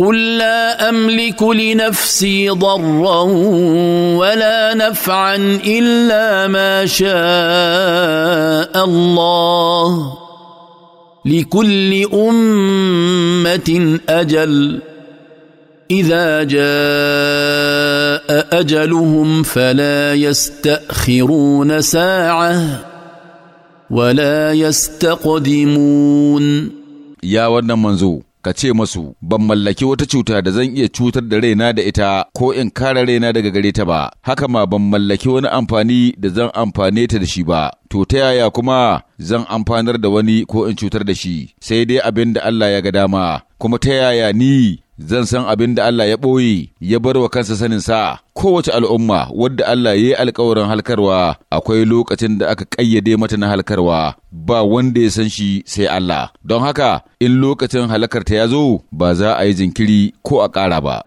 قل لا املك لنفسي ضرا ولا نفعا الا ما شاء الله لكل امه اجل اذا جاء اجلهم فلا يستاخرون ساعه ولا يستقدمون يا ودنا منزو ka ce masu ban mallaki wata cuta da zan iya cutar da raina da ita ko in kare raina daga gare ta ba haka ma ban mallaki wani amfani da zan amfane ta da shi ba to ta yaya kuma zan amfanar da wani ko in cutar da shi sai dai abin da Allah ya ga dama kuma ta yaya ni zan san abin da Allah ya ɓoye ya bar wa kansa sanin sa kowace al'umma wadda Allah ya yi alkawarin halkarwa akwai lokacin da aka ƙayyade mata na halkarwa ba wanda ya san shi sai Allah don haka in lokacin halakarta ya zo ba za a yi jinkiri ko a ƙara ba.